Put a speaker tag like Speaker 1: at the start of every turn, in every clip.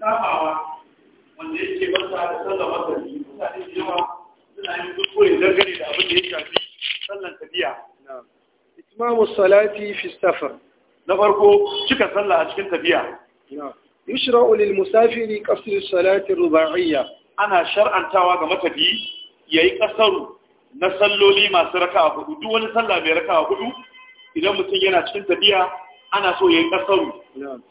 Speaker 1: sabawa wanda yake masa da sallar masarki mutane da yawa suna yin kuskure dangane da abin da ya shafi sallar tafiya itmamu salati fi safar na farko cika sallah a cikin tafiya yushra'u lil musafiri qasr salati ruba'iyya ana shar'antawa ga matafi yayi kasaru na salloli masu raka'a hudu duk wani sallah mai raka'a hudu idan mutum yana cikin tafiya ana so ya yi ƙasaru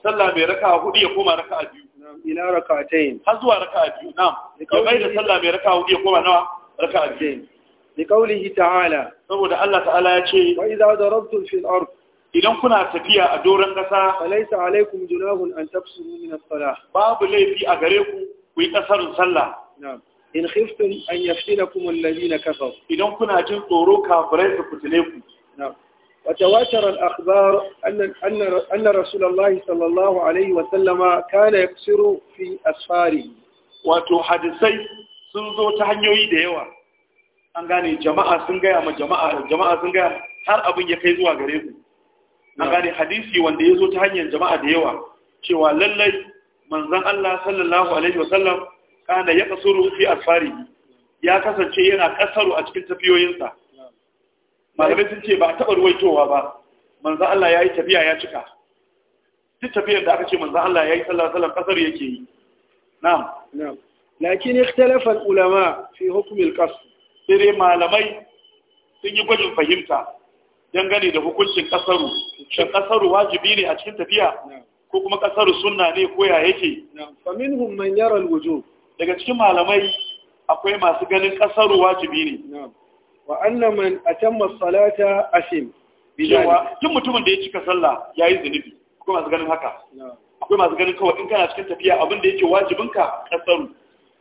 Speaker 1: sallah mai raka hudu ya koma raka a biyu Ina raka tayin har zuwa raka a biyu na'am ya bai da sallah mai raka hudu ya koma nawa raka a biyu liqaulihi ta'ala saboda Allah ta'ala ya ce wa idza darabtum fil ard idan kuna tafiya a doron ƙasa falaysa alaikum junahun an tafsuru min as-salah babu laifi a gare ku ku yi ƙasarun sallah na'am in khiftum an yaftinakum alladhina kafaru idan kuna jin tsoro kafirai su fitile ku na'am وتواتر الأخبار أن, أن, أن رسول الله صلى الله عليه وسلم كان يكسر في أسفاره wato hadisai sun zo ta hanyoyi da yawa an gane jama'a sun gaya يكيزوا har abin ya kai zuwa gare ku an gane hadisi wanda ya zo ta hanyar jama'a da yawa cewa lallai manzon Allah kana ya kasance yana kasaru a cikin tafiyoyinsa malamai sun ce ba a taɓa ruwaitowa ba manzan Allah ya yi tafiya ya cika duk tafiyar da aka ce manzan Allah ya yi sallasalan ƙasar yake yi na'am lakin ikhtalafa ulama fi hukumil qasr sai malamai sun yi gwajin fahimta dangane da hukuncin ƙasaru. shin ƙasaru wajibi ne a cikin tafiya ko kuma ƙasaru sunna ne ko ya yake fa minhum man yara daga cikin malamai akwai masu ganin ƙasaru wajibi ne wa a can atamma salata shim. cewa tun mutumin da ya cika sallah ya yi zunubi akwai masu ganin haka akwai masu ganin kawai in kana cikin tafiya abin da yake wajibinka kasaru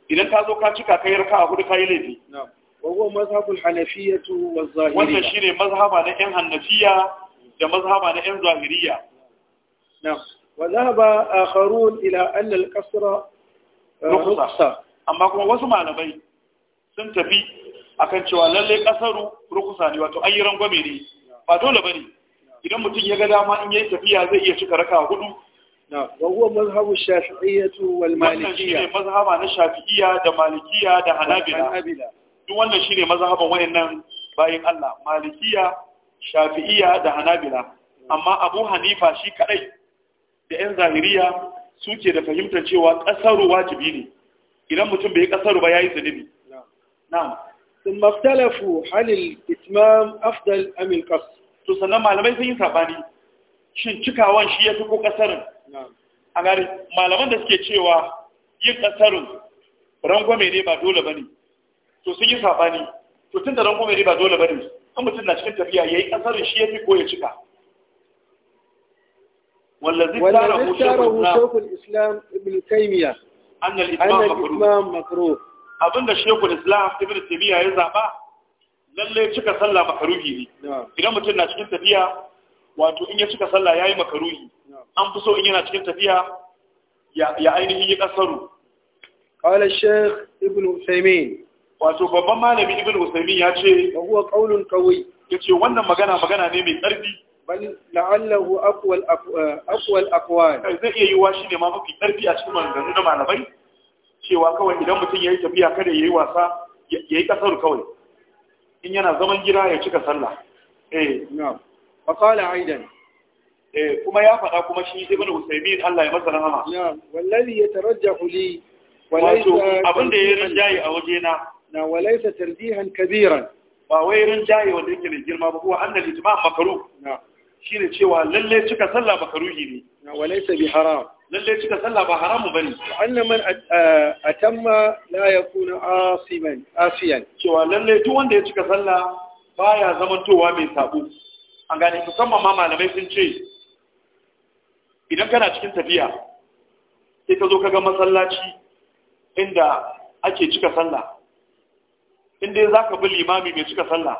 Speaker 1: idan ka zo ka cika kai raka a hudu kai laifi wa huwa mazhabul hanafiyatu waz zahiriyya wannan shine mazhaba na yan hanafiya da mazhaba na yan zahiriyya na'am wa a akharun ila anna al-qasra amma kuma wasu malamai sun tafi akan cewa lallai kasaru rukusa ne wato ayyuran rangwame ne ba dole bane idan mutum ya ga dama in yayi tafiya zai iya cika raka hudu na wa huwa mazhabu shafi'iyyah wal malikiyya wannan mazhaba na shafi'iyya da malikiyya da hanabila duk wannan shine mazhaban wayannan bayin Allah malikiyya shafi'iyya da hanabila amma Abu Hanifa shi kadai da yan zahiriya suke da fahimtar cewa kasaru wajibi ne idan mutum bai kasaru ba yayi zunubi na'am ثم اختلفوا هل الاتمام افضل ام القصر to sannan malamai sun yi sabani shin cikawan shi ya fi ko kasarin a gari malaman da suke cewa yin kasarin rangwame ne ba dole ba ne to sun yi sabani to tun da rangwame ne ba dole ba ne an mutum na cikin tafiya ya yi kasarin shi ya fi ko ya cika wallazi tara hushe islam ibn taymiya annal imam makruh abinda shekul islam ibn tabiya ya zaba lalle cika sallah makaruhi ne idan mutum na cikin tafiya wato in ya cika sallah yayi makaruhi an fi so in yana cikin tafiya ya ainihin yi kasaru qala shaykh ibn usaymin wato babban malami ibn usaymin ya ce wa huwa qawlun qawi yace wannan magana magana ne mai tsarki bal la'allahu aqwal aqwal aqwal zai iya yi washi ne ma mafi tsarki a cikin manzanni na malamai cewa kawai idan mutum ya yi tafiya kada ya yi wasa ya yi ƙasar kawai in yana zaman gida ya cika sallah eh na faƙala aidan eh kuma ya faɗa kuma shi ibn usaymin Allah ya masa rahama na ya yatarajjahu li wato abin da ya rinjaye a waje na na walaysa tarjihan kabiran ba wai rinjaye wanda yake da girma ba kuwa annal ijma' makruh na shine cewa lalle cika sallah makruhi ne na walaysa bi haram lalle cika sallah ba haramu bane anna man atamma la yakuna asiman asiyan cewa lalle duk wanda ya cika sallah baya zamantowa mai sabo an gane musamman ma malamai sun ce idan kana cikin tafiya sai ka zo ka ga masallaci inda ake cika sallah inda za ka bi limami mai cika sallah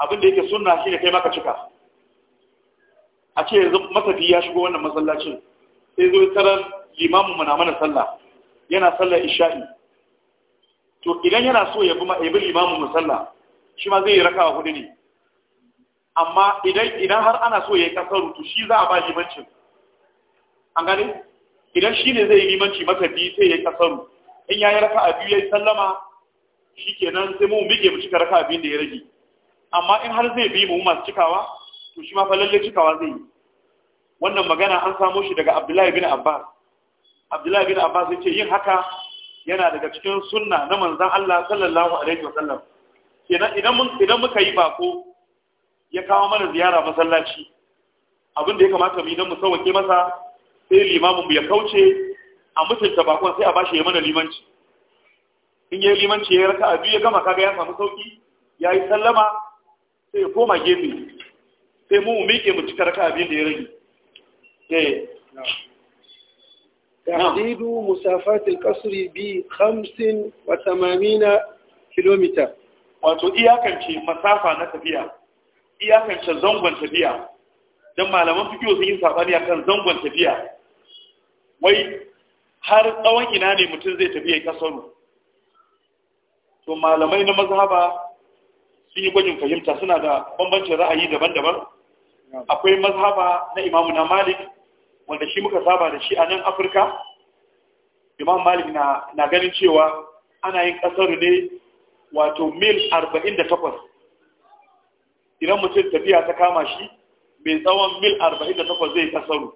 Speaker 1: abin da yake sunna shi ne kai maka cika a ce yanzu matafi ya shigo wannan masallacin sai zo tarar limamin mu na mana sallah yana sallar isha'i to idan yana so ya bi limamin mu sallah shi ma zai yi rakawa hudu ne amma idan har ana so ya yi kasaru to shi za a ba limancin an gane idan shi ne zai yi limanci maka biyu sai ya yi kasaru in ya yi raka a biyu ya yi sallama shi kenan sai mu mige mu cika raka abin da ya rage amma in har zai bi mu masu cikawa to shi ma fa lalle cikawa zai yi wannan magana an samo shi daga abdullahi bin abbas abdullahi bin abbas yace yin haka yana daga cikin sunna na manzon Allah sallallahu alaihi wa kenan idan mun idan muka yi bako ya kawo mana ziyara masallaci abin da ya kamata mu idan mu sauke masa sai limamin mu ya kauce a mutunta bakon sai a bashi ya mana limanci in yayi limanci ya raka abu ya gama kaga ya samu sauki yayi sallama sai ya koma gefe sai mu mike mu cika raka abin da ya rage تحديد مسافات القصر ب 85 كيلومتر wato iyakance masafa na tafiya iyakance zangon tafiya don malaman fikiyo sun yi sabani akan zangon tafiya wai har tsawon ina ne mutum zai tafiya ya kasaru to malamai na mazhaba sun yi gwajin fahimta suna da bambancin ra'ayi daban-daban akwai mazhaba na imamu na malik wanda shi muka saba da shi a nan afirka imam malik na ganin cewa ana yin kasar ne wato mil 48 idan mutum tafiya ta kama shi mai tsawon mil 48 zai kasaru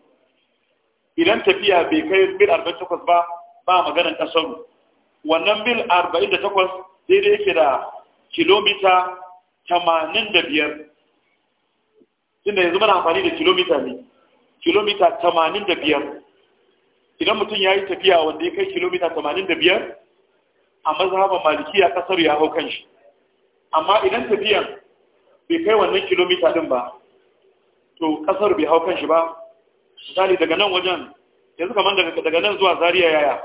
Speaker 1: idan tafiya bai kai mil 48 ba ba maganin kasaru wannan mil 48 daidai yake da kilomita 85 tunda yanzu mana amfani da kilomita ne kilomita tamanin da biyar idan mutum ya yi tafiya wanda ya kai kilomita tamanin da biyar a mazhaban ya kasar ya hau kan shi amma idan tafiyan bai kai wannan kilomita din ba to kasar bai hau kan shi ba misali daga nan wajen yanzu kamar daga nan zuwa zariya yaya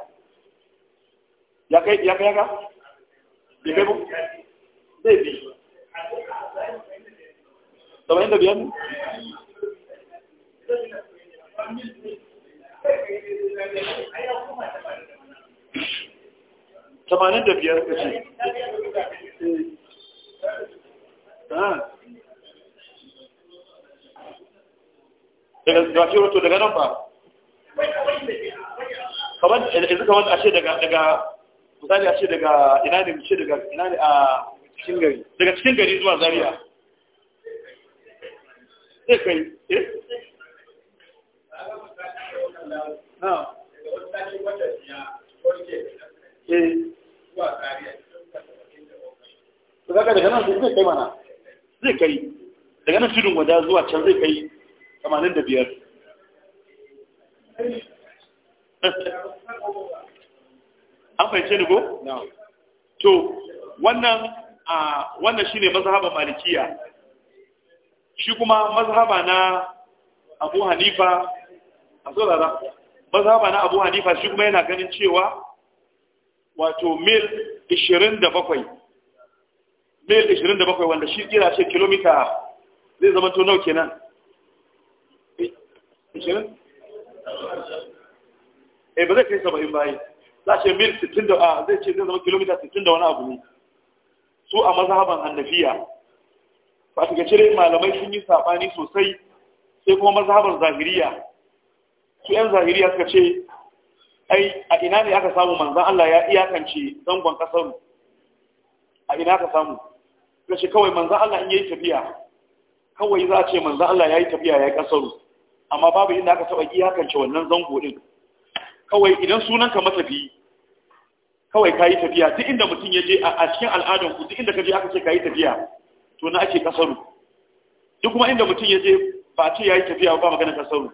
Speaker 1: ya kai ya kai ka bai kai bu zai bi 75 tamanin da biyar ka ce ah. daga gafi wato daga nan ba kamar yanzu kamar a ce daga daga misali a ce daga ina ne ce daga ina ne a cikin gari daga cikin gari zuwa zariya zai kai eh daga eh. daga nan zai kai mana zai kai daga nan filin wada zuwa can zai kai 85 an fahimce ni ko? to wannan a wannan shine mazhaban malikiya shi kuma mazhaba na Abu Hanifa a saurara mazhaba na abu hanifa shi kuma yana ganin cewa wato mil 27 mil 27 wanda shi kira ce kilomita zai zama to nau kenan 20 eh ba zai kai 70 bayi za ce mil 60 da zai ce zai zama kilomita 60 da wani abu ne su a mazhaban hannafiya ba ta cire malamai sun yi sabani sosai sai kuma mazhabar zahiriya su yan zahiriya suka ce ai a ina ne aka samu manzan Allah ya iyakance zangon kasaru a ina aka samu suka ce kawai manzan Allah in yi tafiya kawai za a ce manzan Allah ya yi tafiya ya yi kasaru amma babu inda aka taɓa iyakance wannan zango din kawai idan sunan ka matafi kawai ka yi tafiya duk inda mutum ya je a cikin al'adun ku duk inda ka je aka ce ka yi tafiya to na ake kasaru duk kuma inda mutum ya je ba a ce ya yi tafiya ba magana kasaru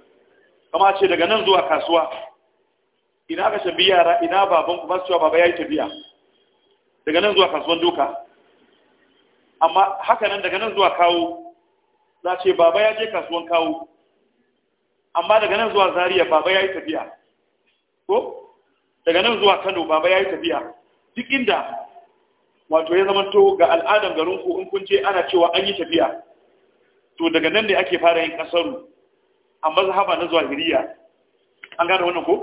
Speaker 1: kama ce daga nan zuwa kasuwa ina ka shabi yara ina baban ku ba cewa baba ya yi tafiya daga nan zuwa kasuwan doka amma haka nan daga nan zuwa kawo za ce baba ya je kasuwan kawo amma daga nan zuwa Zariya baba ya yi tafiya ko daga nan zuwa kano baba ya yi tafiya duk inda wato ya zamanto ga al'adar garin ku in kun je ana cewa an yi tafiya to daga nan ne ake fara yin kasaru a mazhaba na zahiriya an gane wannan ko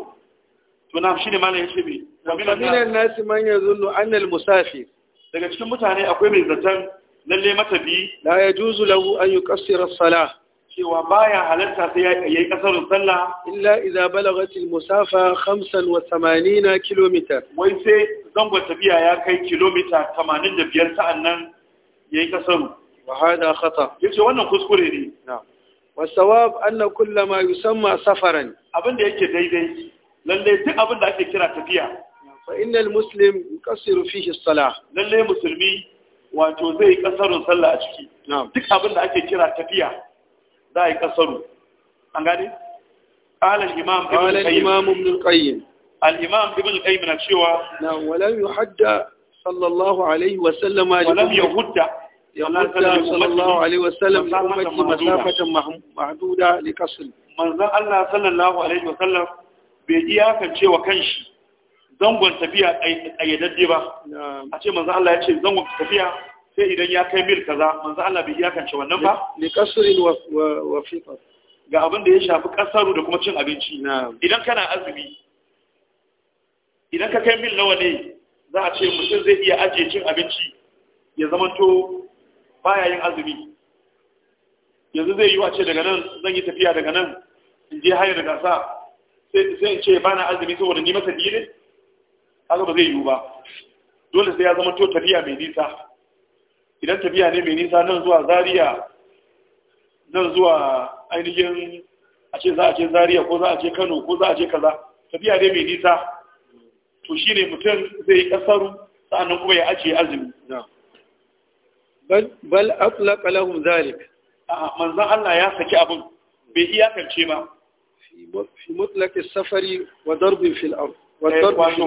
Speaker 1: to na shine malam yace me minan nasi man yazunnu anna al musafir daga cikin mutane akwai mai zaton lalle matabi la yajuzu lahu an yuqassira as-salah cewa baya halarta sai yi kasarin sallah illa idza balagat al musafa 85 km wai sai zangon tafiya ya kai kilomita 85 sa'annan yayi kasaru wa hada khata yace wannan kuskure ne na'am wasawab anna kulla ma yusamma safaran abin yake daidai lalle duk abin ake kira tafiya fa innal muslim yuqassiru fihi as-salah lalle musulmi wato zai kasarun sallah a ciki duk abin ake kira tafiya za a kasaru قال الإمام قال الإمام ابن القيم الإمام ابن القيم نعم ولم يحد صلى الله عليه وسلم ولم يهد يقول صلى الله عليه وسلم لأمتي مسافة محدودة لقصر manzon Allah sallallahu alaihi wa sallam iyakance wa kanshi zangon tafiya a yadadde ba a ce manzon Allah ya ce zangon tafiya sai idan ya kai mil kaza manzon Allah bai iyakance wa fitar ga abin da ya shafi kasaru da kuma cin abinci idan kana azumi idan ka kai min nawa ne za a ce mutum zai iya ajiye cin abinci ya zamanto baya yin azumi yanzu zai yi wa ce daga nan zan yi tafiya daga nan in je hayar da gasa sai in ce ba na azumi saboda ni masa biyu ne haka ba zai yiwu ba dole sai ya zama to tafiya mai nisa idan tafiya ne mai nisa nan zuwa zaria nan zuwa ainihin a ce za a ce zaria ko za a ce kano ko za a ce kaza tafiya ne mai nisa to shine mutum zai yi kasaru sa'annan kuma ya ajiye azumi bal aflaka lahum zalik manzon Allah ya saki abin bai iya iyakance ba fi mutlaqi safari wa darbi fil ard wa eh, darbi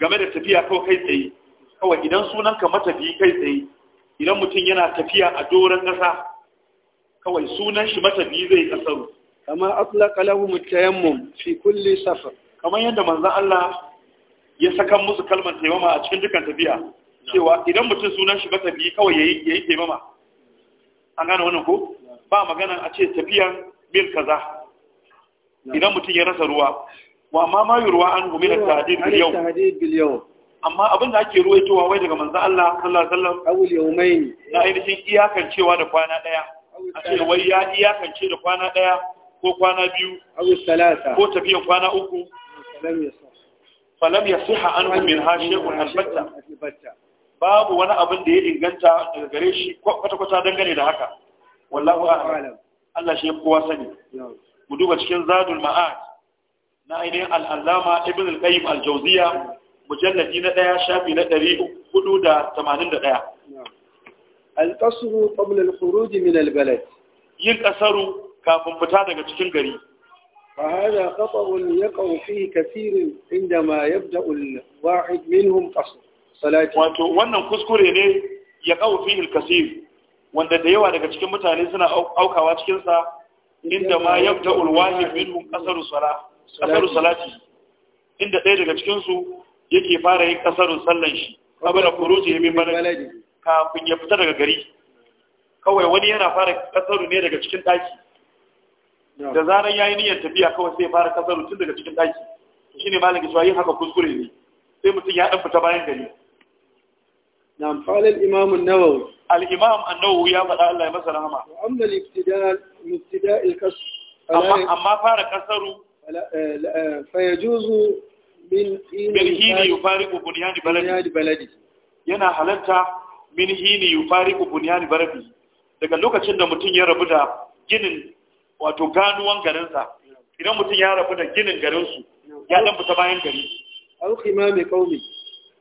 Speaker 1: game da tafiya ko kai tsaye kawai idan sunan ka matafi kai tsaye idan mutum yana tafiya a doron kasa, kawai sunan shi matafi zai kasaru kama aflaka lahum tayammum fi kulli safar kamar yadda manzon Allah ya saka musu kalmar tayammum a cikin dukkan tafiya cewa idan mutum sunan shi ba tafiye kawai ya yi taimama an gane wannan ko ba magana a ce tafiyan mil kaza idan mutum ya rasa ruwa wa ma ma yi ruwa an gumi da tahadid bil yau amma abin da ake ruwa cewa wai daga manzo Allah sallallahu alaihi wasallam na ainihin iyakan cewa da kwana daya a ce wai ya iyakan ce da kwana daya ko kwana biyu salasa ko tafiyan kwana uku falam yasiha anhu min ha shay'un albatta babu wani abin da ya inganta daga gare shi kwata-kwata dangane da haka wallahu a'lam Allah shi kowa sani mu duba cikin zadul ma'ad na ainihin al'allama ibn al-qayyim al-jawziya mujalladi na daya shafi na 481 al-qasru qabla al-khuruj min al-balad yin kasaru kafin fita daga cikin gari فهذا خطأ يقع فيه كثير عندما يبدأ الواحد منهم قصر wato wannan kuskure ne ya kawo fihi al-kaseer wanda da yawa daga cikin mutane suna aukawa cikin sa inda ma yabda al-wahid minhum qasaru salat qasaru salati inda ɗaya daga cikin su yake fara yin kasarun sallan shi kabla khuruji min baladi kafin ya fita daga gari kawai wani yana fara kasaru ne daga cikin daki da zaran yayi niyyar tafiya kawai sai fara kasaru tun daga cikin daki shine malamin cewa yin haka kuskure ne sai mutum ya dan fita bayan gari نعم قال الإمام النووي الإمام النووي يا بدأ الله مثلا رحمة yana halarta min hini yufariqu bunyan daga lokacin da mutum ya rabu da ginin wato ganuwan garinsa idan mutum ya rabu da ginin garinsu ya dan fita bayan gari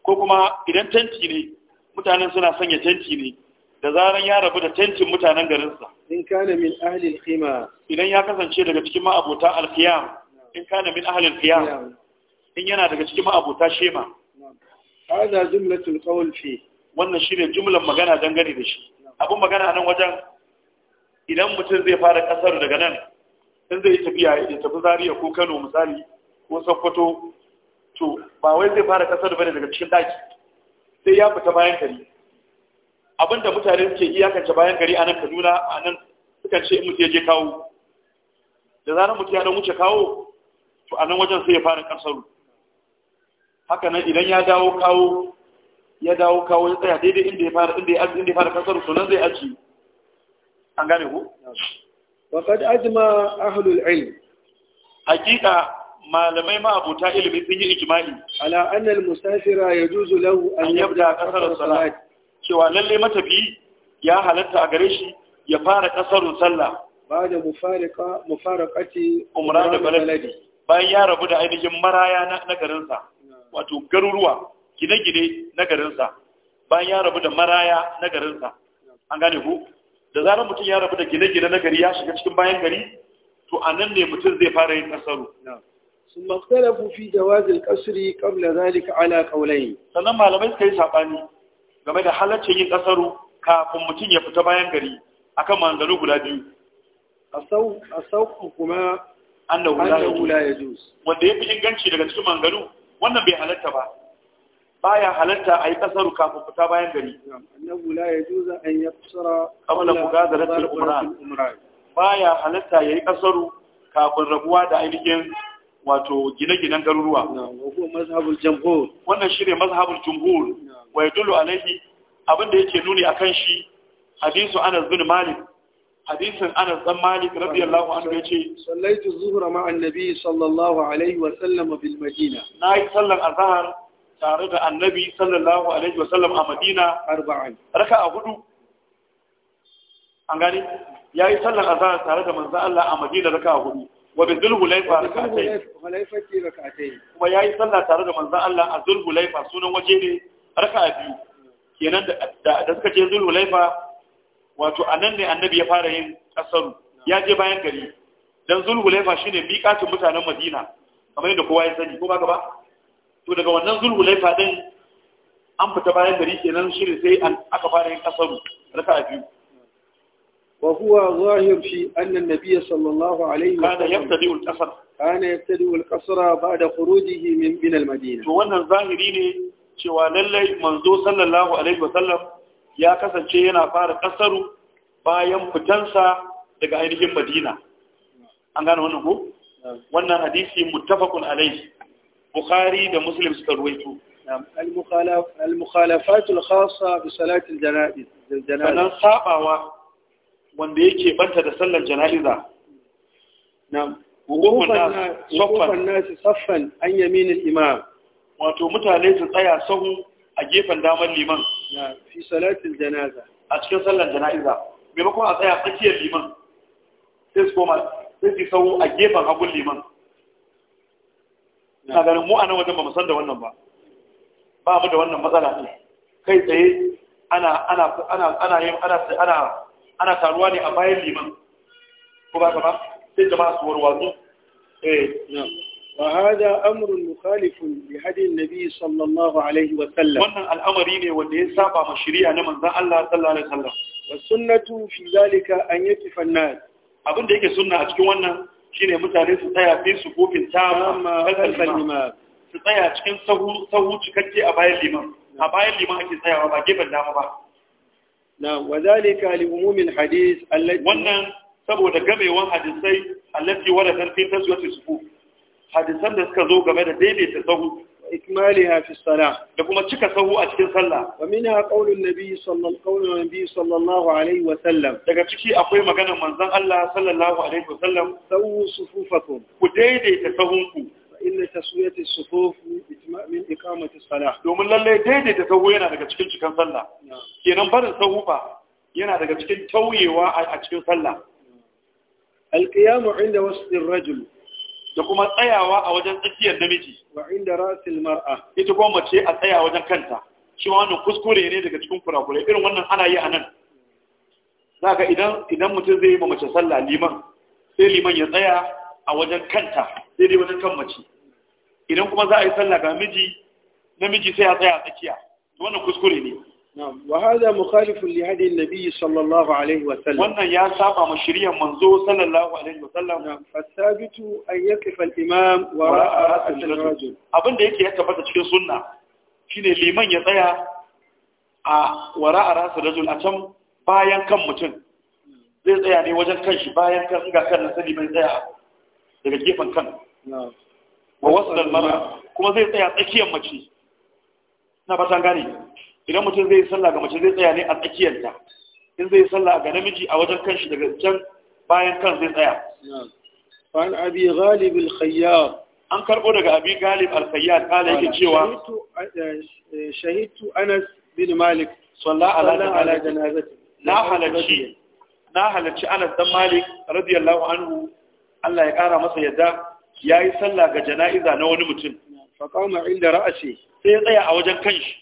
Speaker 1: ko kuma idan tanti ne mutanen suna sanya tenti ne da zaran ya rabu da tentin mutanen garinsa in kana min ahlil qima idan ya kasance daga cikin ma'abota alqiyam in kana min ahlil qiyam in yana daga cikin ma'abota shema hada jumlatul qawl fi wannan shine jumlan magana dangane da shi abun magana nan wajen idan mutum zai fara kasar daga nan in zai tafiya ya tafi Zariya ko Kano misali ko Sokoto to ba wai zai fara kasar bane daga cikin daki sai ya fita bayan gari abinda mutane suke iyakance bayan gari a nan kaduna a nan sukan ce in mutu ya je kawo da zarar mutu ya don wuce kawo to a nan wajen sai ya fara kasaru haka nan idan ya dawo kawo ya dawo kawo ya tsaya daidai inda ya fara inda ya inda ya fara kasaru to nan zai aji an gane ku wakad qad ajma ahlul ilm hakika malamai ma abota ilimi sun yi ijma'i ala annal musafira ya juzu lahu an yabda qasar salat cewa lalle matafi ya halatta a gare shi ya fara qasarun sallah da mufariqa mufarakati umra da baladi bayan ya rabu da ainihin maraya na garinsa wato garuruwa gine-gine na garinsa bayan ya rabu da maraya na garinsa an gane ku da zarar mutum ya rabu da gine-gine na gari ya shiga cikin bayan gari to a nan ne mutum zai fara yin kasaru ثم اختلفوا في جواز القصر قبل ذلك على قولين sannan malamai suka yi sabani game da halaccin yin kasaru kafin mutum ya fita bayan gari akan manzaro guda biyu asau asau kuma annahu la yajuz wanda yafi inganci daga cikin manzaro wannan bai halatta ba baya halatta a yi kasaru kafin fita bayan gari annahu la yajuz an yafsara qabla mughadarat al-umran baya halatta yayi kasaru kafin rabuwa da ainihin wato gine-ginen garuruwa wannan shi ne mazhabul jumhur wa ya dulu alaihi abinda yake nuni a kan shi hadisu anas bin malik hadisin anas dan malik radiyallahu anhu ya ce sallaitu zuhra ma annabi sallallahu alaihi wa sallam bil madina na yi sallar azhar tare da annabi sallallahu alaihi wa sallam a madina arba'an raka'a hudu an gani ya yi sallar azhar tare da manzo Allah a madina raka'a hudu wa bi zulhulaifa rakatai kuma yayi sallah tare da manzon Allah a zulhulaifa sunan waje ne raka'a biyu kenan da suka je zulhulaifa wato anan ne annabi ya fara yin kasaru ya je bayan gari dan zulhulaifa shine miƙatin mutanen Madina kamar yadda kowa ya sani ko ba ba to daga wannan zulhulaifa din an fita bayan gari kenan shine sai aka fara yin kasaru biyu وهو ظاهر في أن النبي صلى الله عليه وسلم كان يبتدئ القصر كان يبتدئ القصر بعد خروجه من من المدينة zahiri ne cewa lallai manzo sallallahu alaihi wasallam ya kasance yana fara kasaru bayan fitansa daga ainihin Madina wannan ko wannan hadisi muttafaqun alaihi Bukhari da Muslim suka ruwaito المخالفات الخاصة بصلاة الجنائز الجنائز فنن wanda yake banta da sallar jana'iza na wukufan nasu saffan an yaminin imam wato mutane su tsaya sahu a gefen damar liman fi salatin janaza a cikin sallar jana'iza maimakon a tsaya tsakiyar liman sai su koma sai su sahu a gefen hagun liman na ganin mu a nan wajen ba mu san da wannan ba ba mu da wannan matsala ne kai tsaye ana ana ana ana ana ana taruwa ne a bayan liman ko ba kama sai jama'a eh, hadin nabi sallallahu alaihi wa sallam wannan al'amari ne wanda ya saba wa shari'a na manzon Allah sallallahu alaihi wa sallam wa sunnatu an yatifa an-nas abin da yake sunna a cikin wannan shine mutane su tsaya fi su kofin ta amma kalkal su tsaya cikin sahu cikakke a bayan liman a bayan liman ake tsayawa ba gefen dama ba na wazalika li umumin hadis allati wannan saboda gamewan hadisai allati wada tarfi taswati sufu hadisan da suka zo game da daidaita sahu ikmaliha fi salah da kuma cika sahu a cikin sallah wa minha qaulun nabi sallallahu alaihi wa sallam daga ciki akwai maganar manzon Allah sallallahu alaihi wa sallam sawu sufufakum ku daidaita sahunku inna taswiyati sufuf min iqamati salah domin lalle daidaita sahu yana daga cikin cikin sallah kenan barin sahu fa yana daga cikin tauyewa a cikin sallah alqiyamu inda wasfi rajul da kuma tsayawa a wajen tsakiyar namiji wa inda rasil mar'a ita kuma mace a tsaya wajen kanta shi wannan kuskure ne daga cikin kurakurai irin wannan ana yi a nan zaka idan idan mutum zai yi ma mace sallah liman sai liman ya tsaya a wajen kanta daidai wajen kan mace idan kuma za a yi sallah ga miji namiji sai a tsaya a tsakiya wannan kuskure ne وهذا مخالف لهدي النبي صلى الله عليه وسلم wannan ya saba ma shiriyar manzo sallallahu abinda yake ya tabbata cikin sunna shine liman ya tsaya a wara'a ra'si rajul a can bayan kan mutum zai tsaya ne wajen kan shi ga daga gefen kan
Speaker 2: wa wasu dalmara
Speaker 1: kuma zai tsaya tsakiyar mace na san gane idan mutum zai sallah ga mace zai tsaya ne a tsakiyarta in zai sallah ga namiji a wajen kanshi daga can bayan kan zai tsaya an abi ghalib al-khayyar an karbo daga abi ghalib al-khayyar kala yake cewa shahidtu eh, anas bin malik sallallahu ala janazati na halacci na halacci anas dan malik radiyallahu anhu Allah ya ƙara masa yadda ya yi sallah ga jana'iza na wani mutum faƙama inda ra'ashe sai ya tsaya a wajen kanshi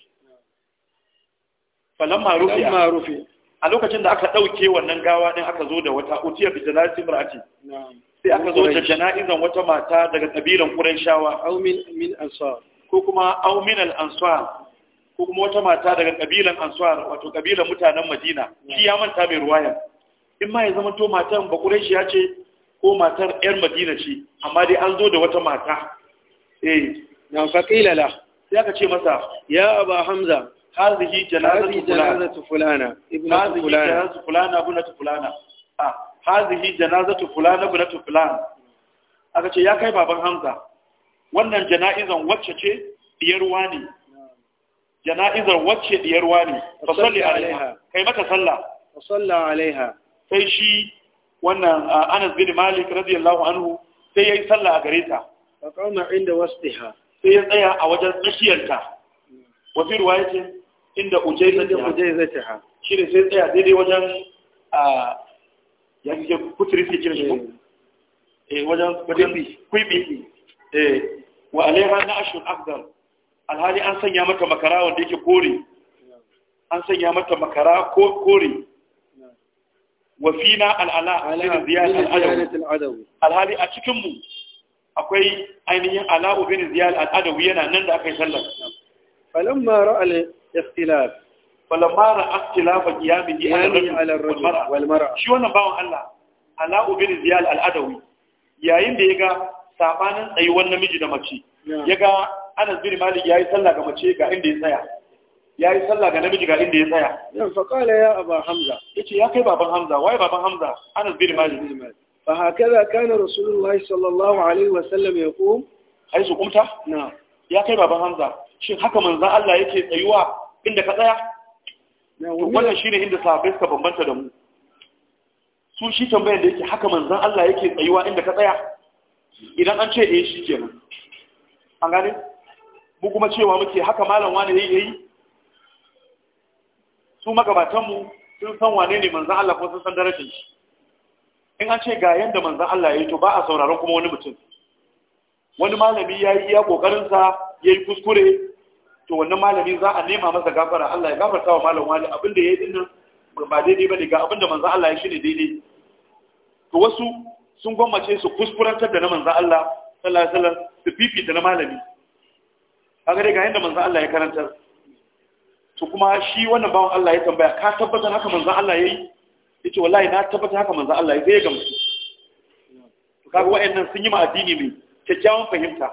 Speaker 1: falamma rufe a lokacin da aka ɗauke wannan gawa ɗin aka zo da wata utiyar da jana'izi ra’ashe, sai aka zo da jana'izan wata mata daga ƙabilan ƙurayshawa shawa, ko kuma aumin al’ansuwa, al ansar ko kuma wata mata daga ƙabilan ansuwa, wato ƙabilan mutanen madina shi ya manta mai ruwaya in ma ya zama to matan ba shi ya ce ko matar 'yar madina ce amma dai an zo da wata mata eh na faƙila la sai aka ce masa ya aba hamza hazihi janazatu fulana ibnu fulana ibnu fulana ah hazihi janazatu fulana ibnu fulana aka ce ya kai baban hamza wannan jana'izan wacce ce diyar wani jana'izar wacce diyar wani fa salli alaiha kai mata sallah fa salla alaiha sai shi wannan Anas bin Malik radiyallahu anhu sai yayi sallah a gare ta fa qama inda wastiha sai ya tsaya a wajen tsakiyarta wa fi riwayatin inda ujaizatiha ujaizatiha shi ne sai tsaya daidai wajen a ya ke kuturi ke kira shi eh. eh wajen wajen kwibi eh wa alaiha na ashur akdar alhali an sanya mata makara wanda yake kore an sanya mata makara ko kore wafina al'ala bin ziyad al'adawi alhali a cikin mu akwai ainihin ala'u bin ziyad al'adawi yana nan da aka yi sallar falamma ra'a ikhtilaf falamma ra'a ikhtilaf qiyamihi ala ar shi wannan bawon Allah ala'u bin ziyad al'adawi yayin da ya ga sabanin tsayuwar namiji da mace ya ga Anas bin Malik yi sallah ga mace ga inda ya tsaya ya yi sallah ga namiji ga inda ya tsaya yan faƙala ya aba hamza ya ce ya kai baban hamza waye baban hamza anas bin malik fa hakaza kana rasulullahi sallallahu alaihi wa sallam ya qum ai su kumta na ya kai baban hamza shin haka manzan Allah yake tsayuwa inda ka tsaya wannan shine inda sahabbai suka bambanta da mu su shi tambayar da yake haka manzan Allah yake tsayuwa inda ka tsaya idan an ce eh shi kenan an gane mu kuma cewa muke haka malam wani yayi yayi su magabatanmu sun san wane ne manzan Allah ko sun san darajin shi in an ce ga yadda manzan Allah ya yi to ba a sauraron kuma wani mutum wani malami ya yi ya ƙoƙarinsa ya yi kuskure to wannan malami za a nema masa gafara Allah ya gafarta wa malam wani abin da ya yi dinnan ba daidai ba ne ga abin da manzan Allah ya shi ne daidai to wasu sun gwammace su kuskurantar da na manzan Allah sallallahu alaihi wasallam su fifita na malami kaga dai ga yadda manzan Allah ya karantar to kuma shi wannan bawan Allah ya tambaya ka tabbatar haka manzo Allah ya yi wallahi na tabbatar haka manzo Allah ya zai gamsu to kaga wa'annan sun yi ma addini ne kyakkyawan fahimta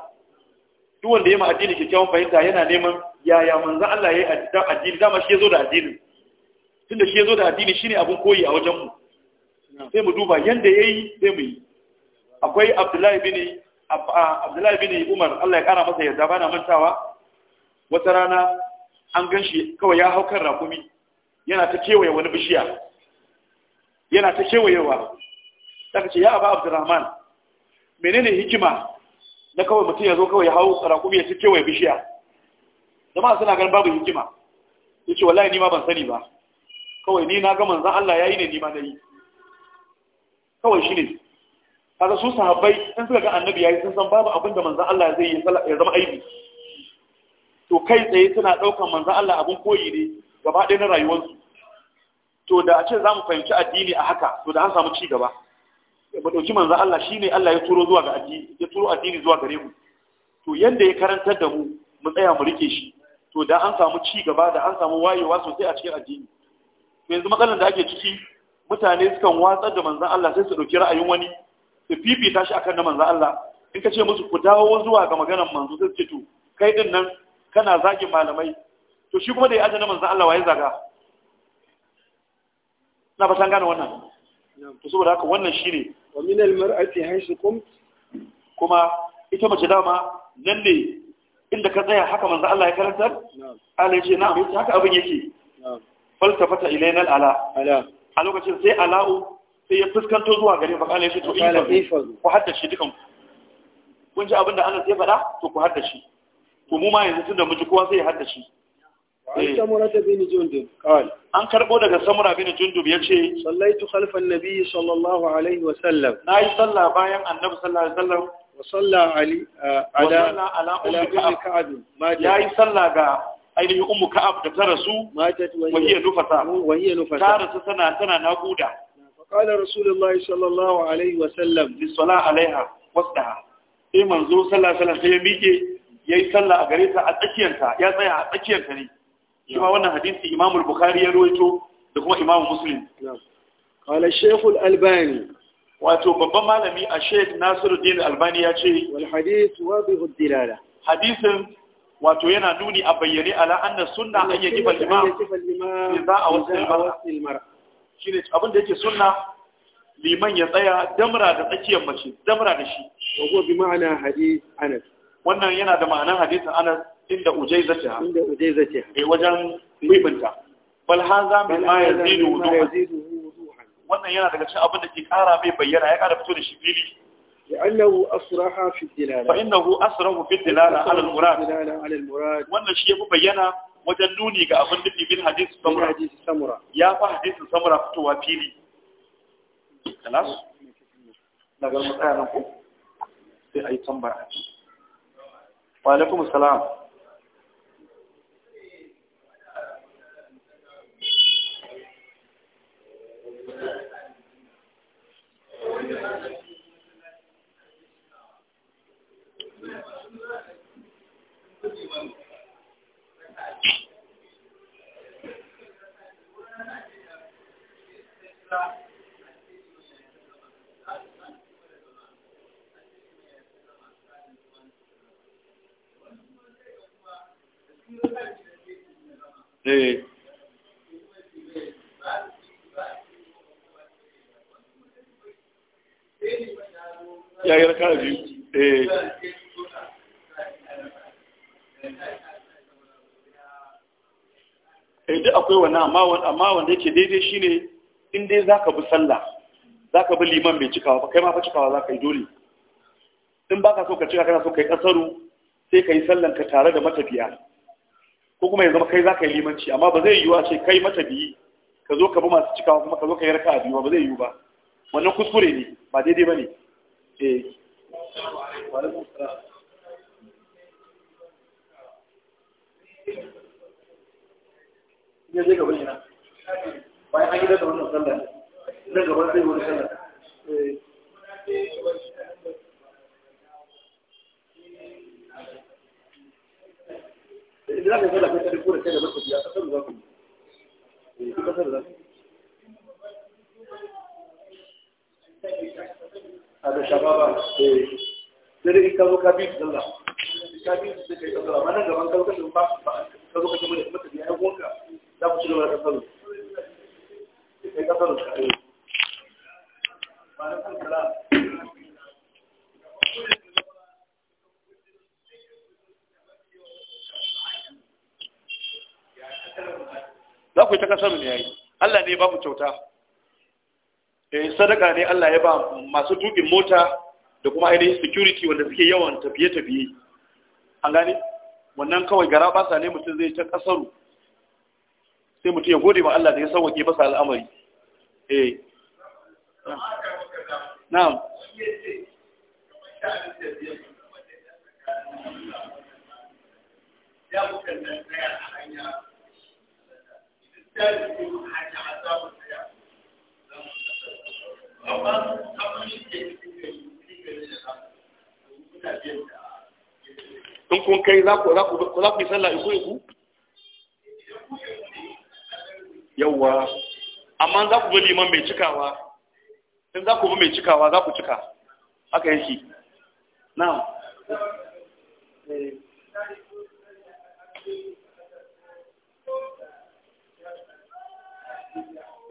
Speaker 1: duk wanda ya ma addini kyakkyawan fahimta yana neman yaya manzo Allah ya yi addini dama shi ya zo da addini tunda shi ya zo da addini shine abun koyi a wajen mu sai mu duba yanda ya yi sai mu yi akwai Abdullahi bin Abdullahi bin Umar Allah ya kara masa yarda bana mantawa wata rana an gan shi kawai ya hau kan rakumi yana ta kewaye wani bishiya yana ta kewayewa daga ce ya abu abdurrahman menene hikima na kawai mutum ya zo kawai ya hau rakumi ya ta kewaye bishiya zama suna ganin babu hikima ya ce wallahi nima ban sani ba kawai ni na ga manzan Allah ya yi ne nima na yi kawai shi ne kaga su sahabbai sun suka ga annabi ya yi sun san babu abin da manzan Allah zai yi ya zama aibi to kai tsaye suna ɗaukar manzan Allah abin koyi ne gaba ɗaya na rayuwarsu to da a ce za mu fahimci addini a haka to da an samu ci gaba mu ɗauki manzan Allah shi ne Allah ya turo zuwa ga addini ya turo addini zuwa gare mu to yanda ya karantar da mu mu tsaya mu rike shi to da an samu ci gaba da an samu wayewa sosai a cikin addini to yanzu matsalar da ake ciki mutane sukan watsar da manzan Allah sai su ɗauki ra'ayin wani su fifita shi akan na manzan Allah in ka ce musu ku dawo zuwa ga maganar manzo sai su ce to kai din nan kana zagin malamai to shi kuma da ya ajana manzan Allah waye zaga na fatan gane wannan to saboda haka wannan shine wa min al mar'ati haythu kuma ita mace dama nan ne inda ka tsaya haka manzan Allah ya karanta Allah ya ce na abin haka abin yake faltafata ilayna al ala a lokacin sai ala'u sai ya fuskanto zuwa gare ba kana ya ce to in ku haddace dukan kun ji abin da Allah sai faɗa to ku haddace to mu ma yanzu tunda muji kowa sai ya haddace an karbo daga samura bin jundub ya ce sallaitu khalfan nabi sallallahu alaihi wa sallam na yi sallah bayan annabi sallallahu alaihi wa sallam wa salla ali ala ala ka'ab ya yi sallah ga ainihin ummu ka'ab da ta rasu wa hiya nufasa wa hiya nufasa ta rasu tana tana naguda فقال رسول الله صلى الله عليه وسلم للصلاة عليها وسطها sai manzo sallallahu alaihi wasallam sai ya miƙe ya yi sallah a gare ta a tsakiyarta ya tsaya a tsakiyarta ne shi ma wannan hadisi imamul bukhari ya rawaito da kuma imamu muslim Kala shekul al-albani wato babban malami a Nasiru din albani ya ce wal hadith wadhihu dilala hadisin wato yana nuni a bayyane ala anna sunna an yaji bal imam idza awsil mar'a shine abin da yake sunna liman ya tsaya damra da tsakiyar mace damra da shi wa bi ma'ana hadith anas wannan yana da ma'anar hadisin anas inda ujai zace ha inda ujai zace eh wajen bibinta bal haza min ayazidu wuduhan wannan yana daga cikin abin da ke kara mai bayyana ya kara fito da shi fili لأنه أصرح في الدلالة فإنه أصرح في الدلالة على المراد على المراد وأن الشيء مبينا وجنوني كأظن لي من حديث سمرة حديث سمرة يا فحديث سمرة فتوى فيلي خلاص نقول مثلا نقول في أي تنبأ wa alaikum salam Eh. ya yi raka biyu eh, eh duk akwai wani amma wanda yake daidai shine in dai za ka bi sallah za ka bi liman mai cikawa ba kai ma fa cikawa za ka yi dole in ba ka so ka cika kana so ka yi kasaru sai ka yi sallanka tare da matafiya ko kuma ya zama kai za ka yi limanci amma ba zai yiwu a ce kai mata biyi ka zo ka bi masu cikawa kuma ka zo ka yi raka a biyu ba zai yiwu ba wannan kuskure ne ba daidai ba ne ya eh. zai zai wani ne za ka gala kai kare kore kai da barka biya kasar za ku yi za ku a da shababa dare in ka zo ka bi zalla ka bi su ma nan gaban ka zo ka ba ka zo ya gonka za ku ci gaba da ku ta kasar ne yayi Allah ne ba mu kyauta eh sadaka ne Allah ya ba masu tukin mota da kuma ainihin security wanda suke yawan tafiye-tafiye an gane wannan kawai gara ba sa ne mutum zai ta kasaru sai mutum ya gode wa Allah da ya sauwake masa al'amari eh na'am ya mukan in kun kai za ku yi sallah iku iku yawwa amma za ku bi liman cikawa in za ku cikawa za cika na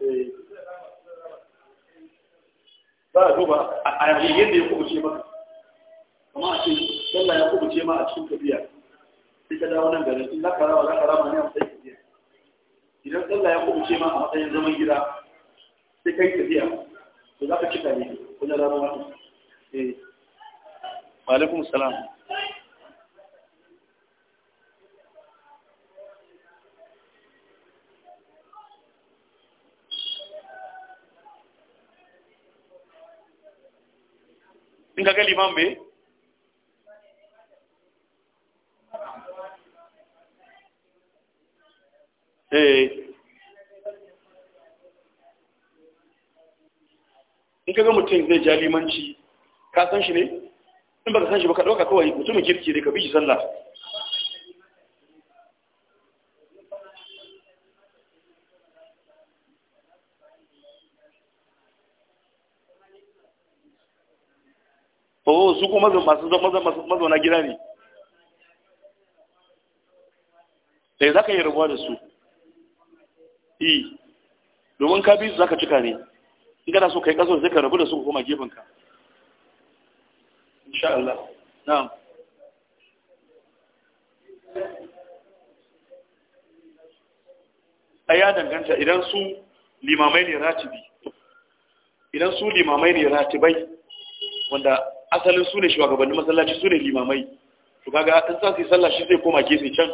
Speaker 1: za eh. a duba a yadda ya kubuce maka kuma a ce sallah ya kubuce ma a cikin tafiya sai ka dawo nan garin in za ka rawa za ka rama ne a matsayin tafiya idan sallah ya kubuce ma a matsayin zaman gida sai kai tafiya to za ka cika ne wajen ramuwa eh. wa alaikum salam in ga liman bi eh in ka ga mutum zai ja limanci ka san shi ne in ba ka san shi ba ka ɗauka kawai mutumin kirki ne ka bi shi sallah oh su kuma masu mazauna gida ne da eh, za ka yi rabuwa da su yi e, domin ka bi su za ka cika ne in kana so ka yi kaso da ka rabu da su kuma ka. insha Allah na'am a ya danganta idan su limamai ne ratibi idan su limamai ne ratibai wanda asalin su ne shugabannin masallaci su ne limamai su kaga in sa su yi sallah shi zai koma gefe can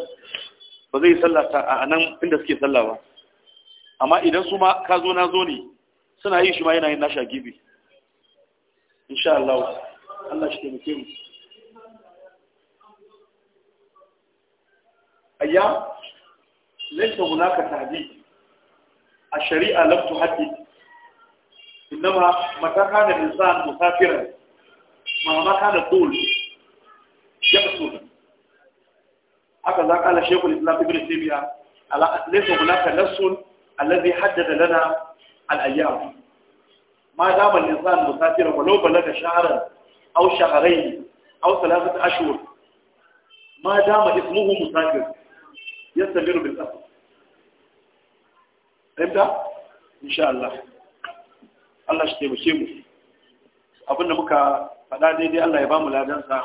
Speaker 1: ba zai yi sallah ta a nan inda suke sallah ba amma idan su ma ka zo na zo ne suna yi shi ma yana yin nasha a gefe insha Allah Allah shi taimake mu ayya laysa hunaka tahdid a sharia lam tuhaddid إنما متى كان الإنسان مسافرا مهما كان الطول يقصد هكذا قال الشيخ الإسلام ابن تيمية ليس هناك نص الذي حدد لنا الأيام ما دام الإنسان مسافرا ولو بلغ شهرا أو شهرين أو ثلاثة أشهر ما دام اسمه مسافر يستمر بالأسف فهمت؟ إن شاء الله الله shi taimake mu مكا fada daidai Allah ya ba mu ladansa